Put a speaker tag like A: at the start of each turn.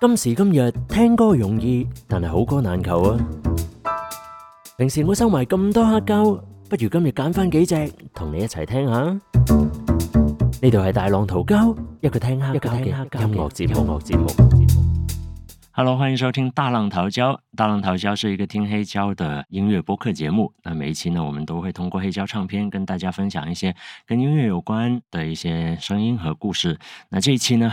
A: 今時今日聽歌容易，但係好歌難求啊！平時冇收埋咁多黑膠，不如今日揀翻幾隻同你一齊聽下。呢度係大浪淘膠，一個聽黑膠嘅音樂節目。節目 Hello，歡迎收聽大浪淘膠。大浪淘膠是一個聽黑膠的音樂播客節目。那每一期呢，我們都會通過黑膠唱片跟大家分享一些跟音樂有關的一些聲音和故事。那這一期呢，